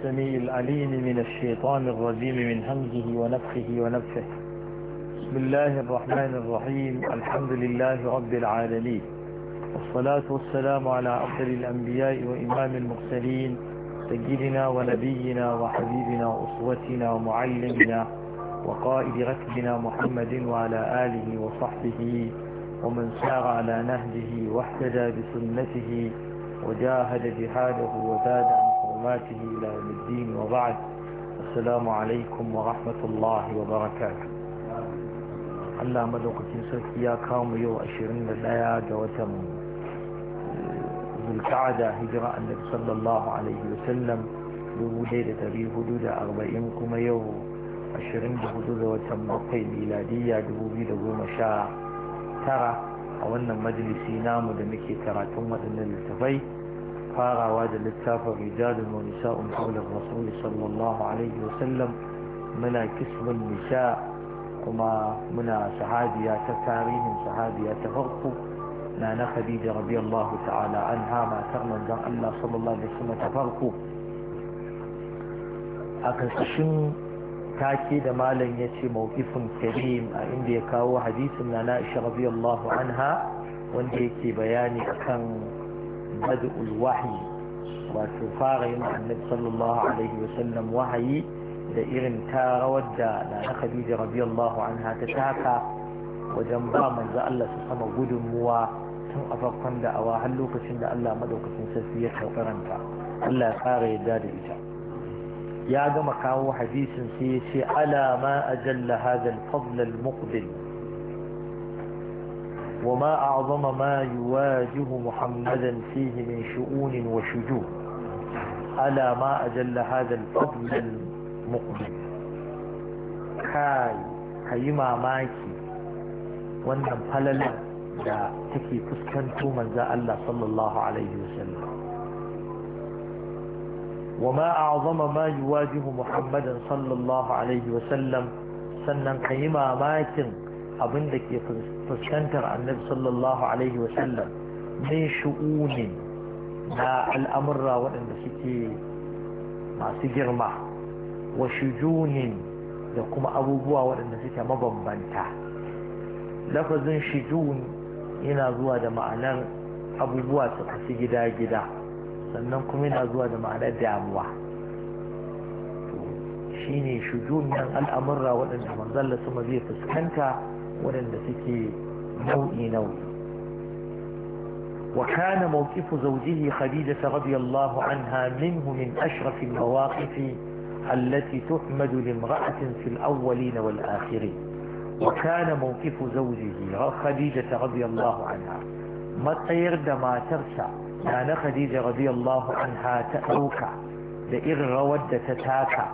السميع العليم من الشيطان الرجيم من همزه ونفخه ونفخه بسم الله الرحمن الرحيم الحمد لله رب العالمين والصلاة والسلام على أفضل الأنبياء وإمام المرسلين سيدنا ونبينا وحبيبنا وأسوتنا ومعلمنا وقائد ركبنا محمد وعلى آله وصحبه ومن سار على نهجه واحتدى بسنته وجاهد جهاده وزاد عن وحسناته إلى يوم الدين وبعد السلام عليكم ورحمة الله وبركاته Allah madaukakin sarki ya kamu yau ashirin da 21 ga watan zulka'ada hijira annabi sallallahu alaihi da arba'in kuma yau ashirin da hudu ga watan bakwai miladiyya tara a wannan majalisi namu da muke karatun waɗannan littafai farawa da littafin rijalun wa nisa'un qawlan rasul sallallahu alaihi wa sallam muna kismun nisa kuma muna sahabiya ta tarihin sahabiya ta farko na na khadija radiyallahu ta'ala an anha matar manzon Allah sallallahu alaihi wasallam ta farko a kashin take da malam ya ce mawqifun karim a inda ya kawo hadisin na na Aisha radiyallahu anha wanda yake bayani akan بدء الوحي وتفاغ النبي yin الله عليه وسلم وحي da irin ta rawar da na Khadija radiyallahu anha ta taka wajen ba manzo Allah su sama gudunmuwa tun a farkon da awa har lokacin da Allah madaukakin sarki ya karanta Allah ya fara yadda da ita ya gama kawo hadisin sai ya ce ala ma ajalla hadha al-fadl al-muqbil وما أعظم ما يواجه محمدا فيه من شؤون وشجون ألا ما أجل هذا الفضل المقبل كاي كيما ماكي wannan falalar da take fuskanto manzo Allah sallallahu alaihi wasallam وما أعظم ما يواجه محمدا صلى الله عليه وسلم سنن كيما ماكن abin da ke fuskantar annabi sallallahu alaihi wasallam min shu'unin na al'amurra waɗanda suke masu girma wa shujunin da kuma abubuwa waɗanda suke mabambanta lafazin shujun yana zuwa da ma'anar abubuwa su kasu gida-gida sannan kuma yana zuwa da ma'anar damuwa shine shujun nan al'amurra waɗanda manzalla sama zai fuskanta waɗanda suke nau'i وكان موقف زوجه خديجة رضي الله عنها منه من أشرف المواقف التي تحمد لامرأة في الأولين والآخرين وكان موقف زوجه خديجة رضي الله عنها ما تيرد ما ترسع كان خديجة رضي الله عنها لإر لإغ ودتتاكع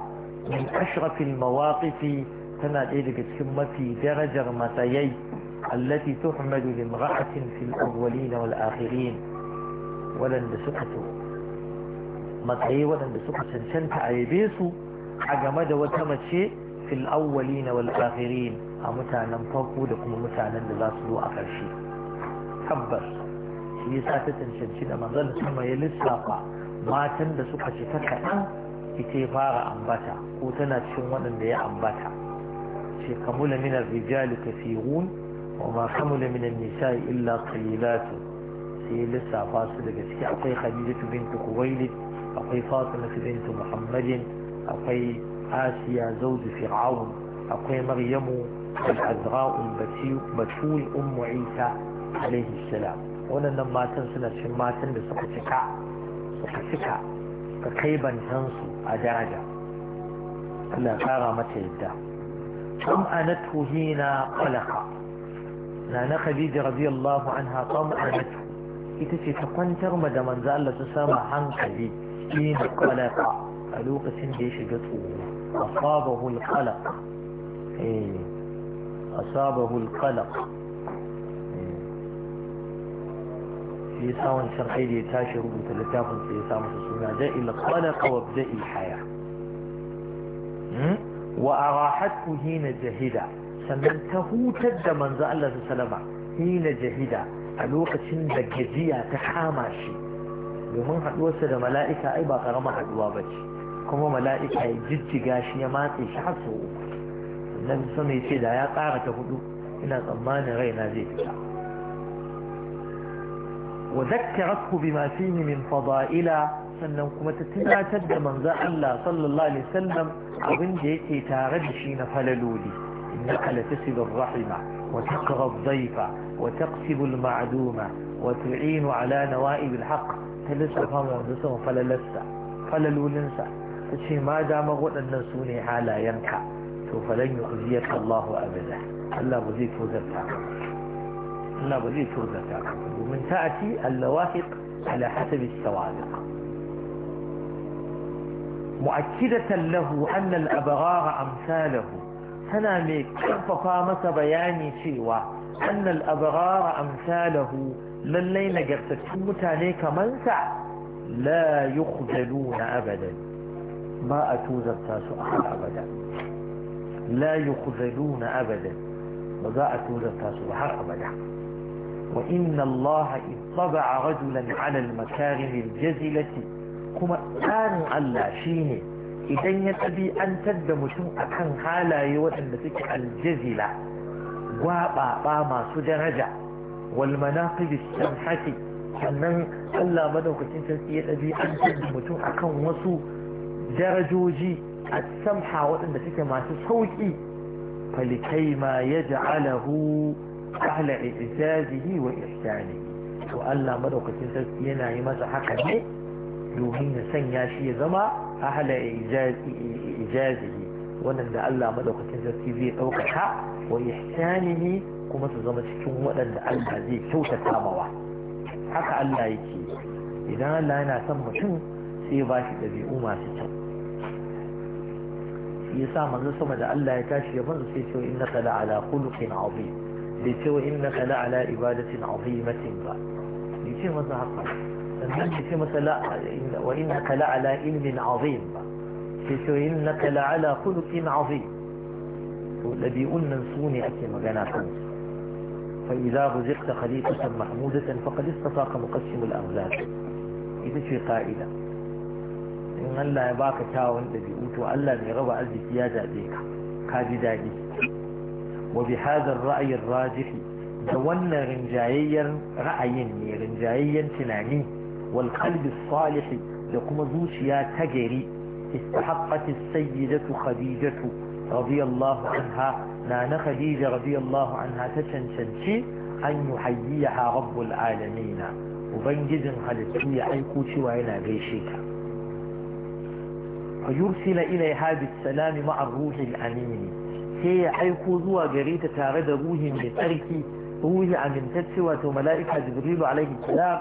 من أشرف المواقف tana ɗaya daga cikin mafi darajar matsayai allati tuhmadu limra'atin fil awwalin wal akhirin waɗanda suka to matsayi waɗanda suka cancanta a yabe su a game da wata mace fil awwalin wal akhirin a mutanen farko da kuma mutanen da za su zo a ƙarshe tabbas shi yasa ta cancanci da manzon sama ya lissafa matan da suka ci ta kaɗan ita ya fara ambata ko tana cikin waɗanda ya ambata ce kamula min rijali kasirun wa ma kamula nisa illa qalilatu sai lissafa su da gaske akwai khadijatu bintu kuwailid akwai fatima bintu muhammadin akwai asiya zawju fir'aun akwai maryamu al-azra'u batul ummu isa alaihi salam waɗannan matan suna cin matan da suka cika suka cika suka kai bantansu a daraja Allah ya kara mata yadda طمأنته هنا قلقا نانا خديجة رضي الله عنها طمأنته إتسي تقنتر مدى من زال تسامى حنكلي هنا قلقا ألوك سنديش جطوه أصابه القلق إيه. أصابه القلق إيه. في ساون شرحي تاشي ربو تلتاف في سامة السنة دائل القلق وابدأ الحياة إيه. wa arahatu hina jahida sannan ta hutar da manzo Allah su salama hina jahida a lokacin da gajiya ta kama shi domin haɗuwarsa da mala'ika ai ba karama haɗuwa ba ce kuma mala'ika ya jijjiga shi ya matse shi har sau uku sannan sama ya ce da ya ƙara ta hudu ina tsammanin raina zai fita wa bi ma fihi min fada'ila sannan kuma ta tunatar da manzo Allah sallallahu alaihi wasallam abin da yake tare da shi na falaloli innaka latasibu rahima wa taqra dhayfa wa taqsibu al-ma'duma wa tu'inu ala nawa'ib al-haq talisafa manzo sun falalasta falalolinsa tace ma dama waɗannan su ne halayenka to falan yu'ziyaka Allahu abada Allah ba zai tozarta ka Allah ba zai tozarta ka domin ta'ati al-lawahiq ala hasabi as-sawabiq مؤكدة له أن الأبرار أمثاله سنا مي كرففا مسا بياني شيوا أن الأبرار أمثاله للي نجرتكم عليك منسع لا يخذلون أبدا ما أتوزر تاسو أحد أبدا لا يخذلون أبدا وذا أتوزر تاسو أحد أبدا وإن الله إطبع رجلا على المكارم الجزلة kuma tsarin Allah shine idan ya tabi'antar da mutum akan halaye waɗanda suke aljazila gwaɓaɓa masu daraja wal ɗan haki sannan Allah madaukakin sarki ya da mutum akan wasu darajoji a samha waɗanda suke masu sauƙi falikai ma ya ja'alahu ahla i'zazihi wa ihsanihi to Allah madaukakin sarki yana yi masa haka ne domin ya sanya shi ya zama ahala ijazihi waɗanda Allah madaukakin sarki zai ɗaukaka wa ihsanihi kuma su zama cikin waɗanda Allah zai kyautata mawa haka Allah yake idan Allah yana son mutum sai ba shi ɗabi'u masu kyau shi yasa manzo sama da Allah ya tashi ya manzo sai ce innaka la ala khuluqin azim bai ce innaka la ala ibadatin azimatin ba bai ce masa haka المنجي في مثلا وإنك لعلى علم عظيم في سوري إنك لعلى خلق عظيم الذي أننسوني أكيم جناتون فإذا رزقت خليفة محمودة فقد استطاق مقسم الأغزاب إذا شي قائلة إن الله يباك تاون الذي أوتو ألا نروى أزيك يا ذاديك كاجدا وبهذا الرأي الراجح دون رنجايا رأيني رنجايا تناني wal qalbi da kuma zuciya ta gari istahaqqat as-sayyidatu khadijatu radiyallahu anha na khadija radiyallahu anha ta cancanci an yuhayyiha rabbul alamin ubangijin halittu ya aiko cewa yana gaishe ta فيرسل إليها بالسلام مع الروح الأمين هي حيكو زوا قريتة تارد روح من أركي روح أمين تتسوى ملائكة جبريل عليه السلام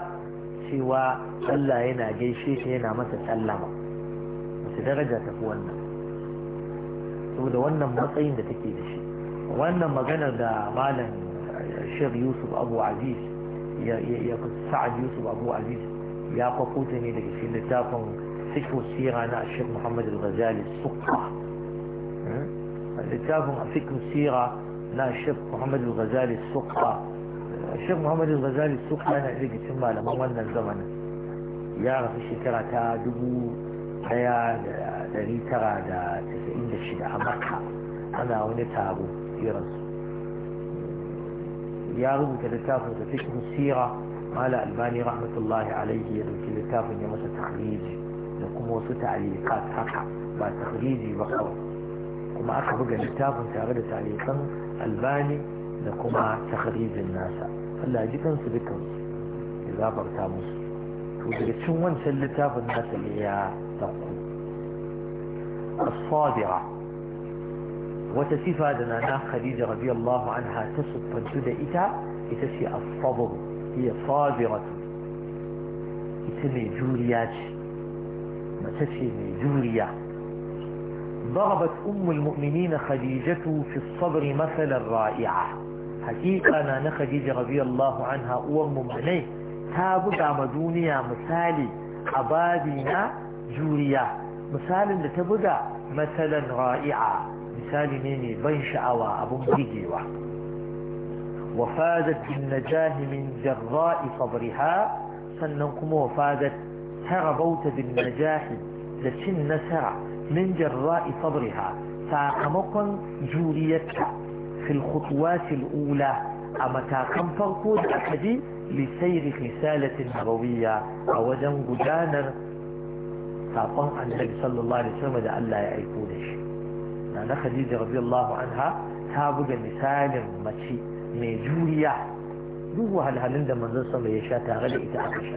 cewa Allah yana gaishe ta yana masa sallama wasu daraja tafi wannan saboda wannan matsayin da take da shi wannan maganar da malam shir yusuf abu aziz ya sa'ad yusuf abu aziz ya kwafo ta ne daga cikin littafin fikhu sira na shir muhammad al-ghazali sukka hmm? littafin fikhu sira na shir muhammad al-ghazali sukka الشيخ محمد الغزالي السوق لنا اللي يتم على مولنا الزمن يعرف الشكرة تادبو حياة دري ترى دا تسعين دشدة مكة أنا هنا تابو في رز يعرف كالتاف وتفكر السيرة مال ألباني رحمة الله عليه يعرف كالتاف يمس تخريجي نقوم وسط تعليقات حقا بعد تخريجي بخور كما أكبر كالتاف تعرض تعليقا ألباني لكما تخريج الناس Allah ji kansu dukansu ya zafarta musu to daga cin wancan littafin nasa ne ya ɗauko as-sabira wata sifa da nana Khadija radiyallahu anha ta suffantu da ita ita ce as-sabr hiya sabiratu ita mai juriya ce mace ce mai juriya ضربت أم المؤمنين خديجة في الصبر مثلا رائعا hakika na na khadija radiyallahu anha uwar muminai ta buga ma duniya misali a babi juriya misalin da ta buga matsalan ra'i'a misali ne ne ban sha'awa abun bugewa wafada bin na jahimin jarra'i sannan kuma wafadar ta rabauta bin na da cin nasara min jarra'i fabriha sakamakon juriyarta في الخطوات الأولى أما تاقم فرقود أكدي لسير رسالة نبوية أوجن قدانا تاقم عن النبي صلى الله عليه وسلم ده ألا يعيقونش أنا خديجة رضي الله عنها تابق مثال مشي ميجوريا duk wahalhalun da manzon sama ya sha tare da ita aka sha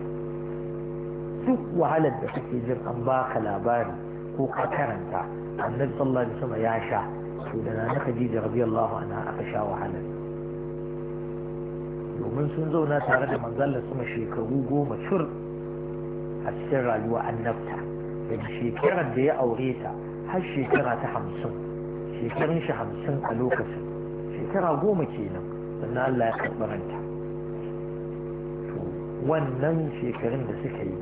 duk wahalar da kake jin an baka labari ko ka karanta annabi sallallahu alaihi wasallam ya sha su da na khadija radiyallahu anha aka sha wahala domin sun zauna tare da manzalla sama shekaru goma cur a cikin rayuwa annabta daga shekarar da ya aure ta har shekara ta hamsin shekarun shi hamsin a lokacin shekara goma kenan sannan Allah ya karɓaranta wannan shekarun da suka yi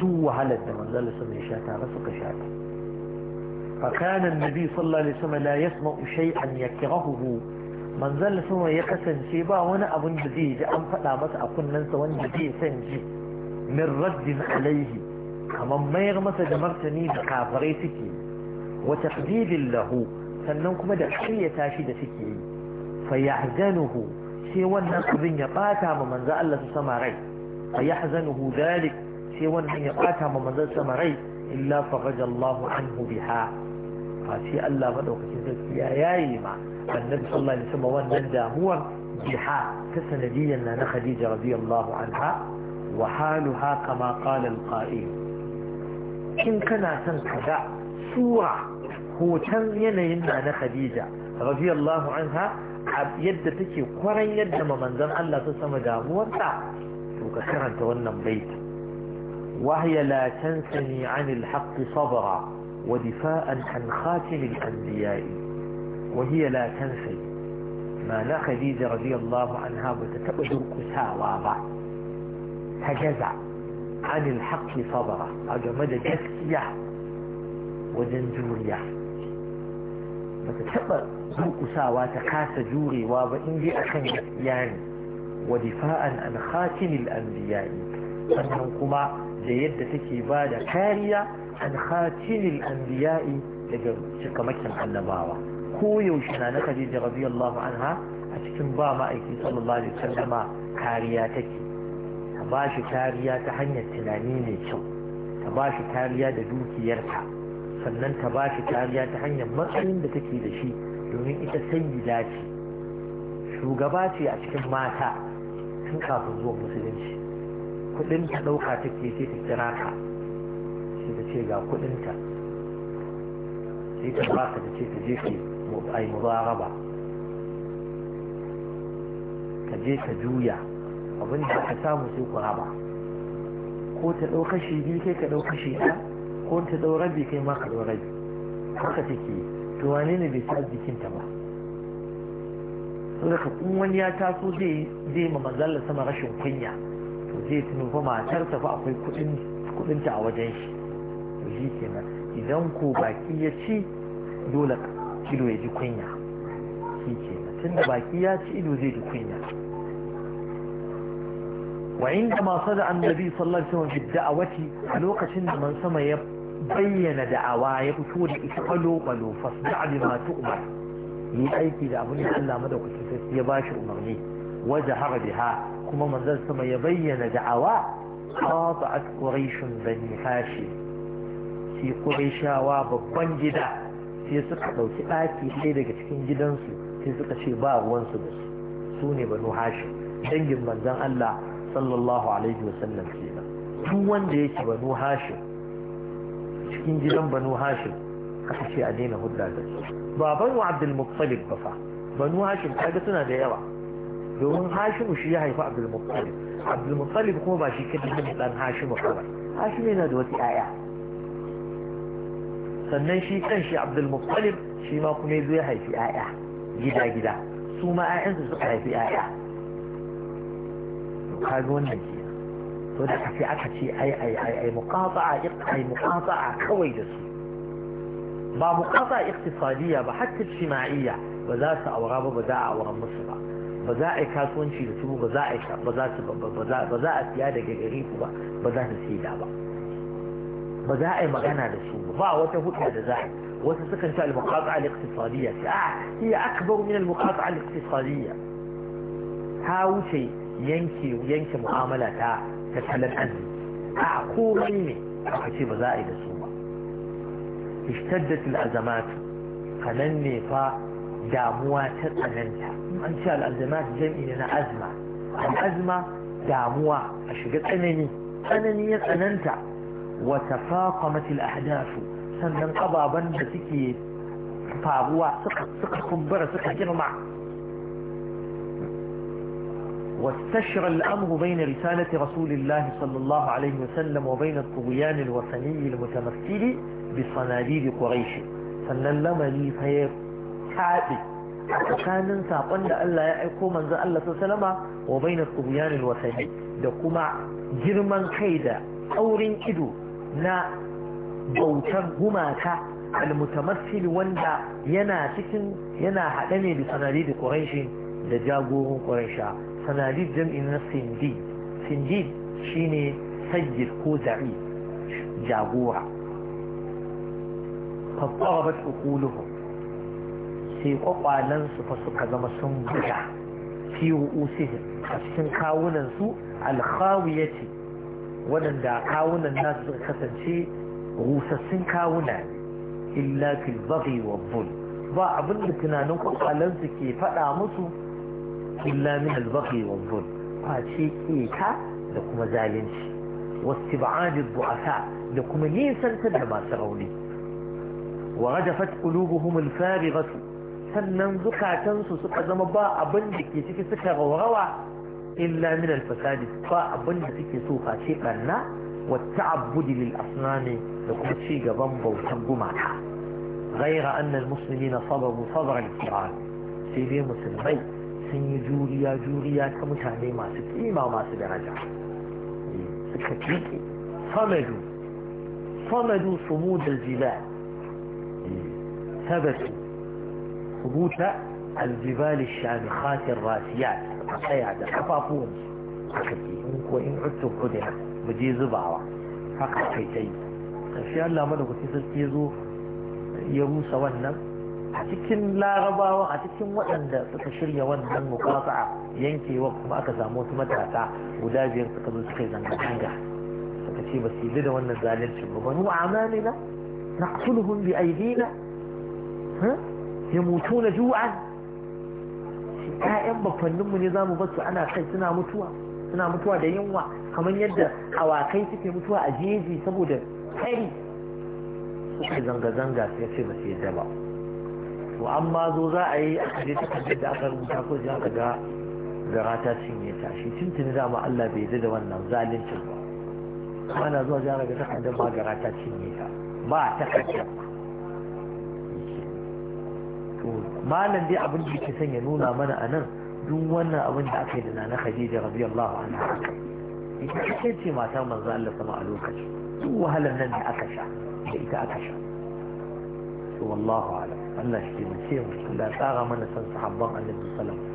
duk wahalar da manzalla sama ya sha tare suka sha ta فكان النبي صلى الله عليه وسلم لا يسمع شيئا يكرهه من ذا سوى an faɗa وانا ابن جديد ان فدا مس اكون ننسى وان جديد سنجي من رد عليه كما ما يغمس دمرتني بكافري سكي وتقديد له sannan kuma da ƙaryata shi da suke yi fa yahzanuhu sai wannan abin ya bata ma manzo Allah su sama rai yahzanuhu dalik sai wannan ya bata ma manzo sama illa faraja anhu biha face Allah madaukakin sarki ya yaye ma annabi sallallahu alaihi wasallam wannan damuwar jiha ta sanadiyyar na Khadija radiyallahu anha wa haluha kama qala al-qa'il in kana son ka sura hoton yanayin na na Khadija radiyallahu anha yadda take kwaran yadda manzon Allah ta sama damuwarta to ka karanta wannan baiti وهي لا تنسني عن الحق صبرا ودفاعا عن خاتم الأنبياء وهي لا تنسي ما لا خديجة رضي الله عنها وتتبدو كسا بعد تجزع عن الحق صبرة أجمد جسكية وجنجورية ذو كسا تكاس جوري وإنجي أخن يعني ودفاعا عن خاتم الأنبياء sannan كما da yadda كارية an khatilil anbiya'i daga cikamakin annabawa koyaushe yaushe na na Khadija radiyallahu anha a cikin ba ma'aiki sallallahu alaihi wasallama kariya take ta ba kariya ta hanyar tunani mai kyau ta bashi kariya da dukiyarta sannan ta bashi kariya ta hanyar matsayin da take da shi domin ita sayyida ce shugaba ce a cikin mata tun kafin zuwa musulunci kuɗin ta ɗauka take sai ta kira ka ce ga kudinta sai ta ba ka ta ce ta je ka ai mubaraba ka je ka juya abin da ka samu sai ku raba ko ta ɗauka shi biyu kai ka ɗauka shi ɗaya ko ta ɗau rabi kai ma ka ɗau rabi haka take to wane ne bai sa jikinta ba saboda kun wani ya taso zai zai ma mazalla sama rashin kunya to zai tunu fa matar ta fa akwai kuɗin kuɗinta a wajen shi shi kenan idan ku baki ya ci dole ido ya ji kunya shi kenan tun da baki ya ci ido zai ji kunya wa inda ma sada an nabi sallallahu alaihi wasallam da'awati lokacin da man sama ya bayyana da'awa ya fito da ita kwalo kwalo fasda'a bi ma tu'mar yi aiki da abin da Allah madaukakin sarki ya bashi umarni waje har biha kuma manzon sama ya bayyana da'awa qata'at quraish bani hashim ce ƙurayshawa babban gida sai suka ɗauki ɗaki ɗaya daga cikin gidansu sai suka ce ba ruwansu da su su ne banu hashi dangin manzan Allah sallallahu alaihi wasallam kenan tun wanda yake banu hashi cikin gidan banu hashi aka ce a daina hudda da su baban wa Abdul Muttalib ba fa banu hashim kaga suna da yawa domin hashimu shi ya haifi Abdul Muttalib Abdul Muttalib kuma ba shi kadai ne dan hashimu kawai ne yana da wata 'ya'ya sannan shi kan shi abdul muttalib shi ma kuma ya zo ya haifi 'ya'ya gida gida su ma 'ya'yansu suka haifi 'ya'ya ka ga wannan ke to da kace aka ce ai ai ai ai muqata'a ai muqata'a kawai da su ba muqata'a iqtisadiyya ba hatta ijtima'iyya ba za su aura ba ba za a aura musu ba ba za a yi kasuwanci da su ba za a ba za su ba za a siya daga gari ku ba ba za su da ba ba za a yi magana da su ba wata hudda da za a wasu sukan ta al-muqata'a al-iqtisadiyya a hiya akbar min al-muqata'a al-iqtisadiyya ta wuce yanke yanke mu'amala ta tattalin arziki a komai ne aka ce ba za a yi da su ba ishtaddat al-azamat kanan ne fa damuwa ta tsananta an ce al-azamat jam'i na azma al-azma damuwa a shiga tsanani tsanani ya tsananta وتفاقمت الأحداث sannan ababen da ke faruwa suka kumbura suka girma واستشرى الأمر بين رسالة رسول الله صلى الله عليه وسلم وبين الطغيان الوثني المتمثل بصناديد قريش sannan lamari fa ya a tsakanin saƙon da Allah ya aiko manza Allah sallama wa baina tughyan alwasani da kuma girman kai da ido na bautar gumaka almutamassil wanda yana cikin yana haɗe ne da sanadi da ƙuraishi da jagorin ƙuraisha sanadi jam'in na sindi sindi shine sayyid ko za'i jagora fattarabat uquluhum sai kwakwalansu fa suka zama sun buga fi ru'usihim a cikin kawunan kawunansu alkhawiyati waɗanda kawunan nasu suka kasance rusassun kawuna illa fil baghi wal bul ba abin da tunanin su ke fada musu illa min al baghi wal bul face keta da kuma zalunci wasu bu'asa da kuma nisantar da masu rauni wa rajafat qulubuhum al farighatu sannan zukatansu suka zama ba abin da ke ciki suka raurawa إلا من الفساد فأبن تكي سوفا شيئا والتعبد للأصنام لكم شيء ضنبا وتبقمها غير أن المسلمين صبروا صبر الكرام سيدي مسلمي سيدي جوريا جوريا كمتاني ما سكيما ما رجع سكتيكي صمدوا صمدوا صمود الجبال ثبتوا ثبوت الجبال الشامخات الراسيات a tsaya da kafafuwan haka ke in ko in uttun kudina mu je zubawa haka kai ta yi ƙarshe Allah madaukaki sarki ya zo ya rusa wannan a cikin larabawa a cikin waɗanda suka shirya wannan mukafa'a yankewa kuma aka samu wasu matasa guda biyar suka zo suka yi zanga-zanga suka ce ba su yi da wannan zalunci ba banu amalina naqtuluhum bi aydina yamutuna ju'an ƴaƴan bakwanninmu ne za mu basu ana kai suna mutuwa suna mutuwa da yunwa kamar yadda awakai suke mutuwa a jeji saboda tsari suka zanga-zanga sai ce ba su yadda ba to an ma zo za a yi a kaje takardar da aka rubuta ko za ka ga gara ta cinye ta shi tuntuni dama Allah bai yarda da wannan zalincin ba ana zuwa jihar ka ga takardar ma gara ta cinye ta ba takardar to malam dai abin da yake son ya nuna mana a nan duk wannan abin da aka yi da nana khadija radiyallahu anha ita ita ce mata manzo Allah sama a lokaci duk wahalar nan da aka sha da ita aka sha to wallahu alam Allah shi ne sai mu da tsara mana san sahabban annabi sallallahu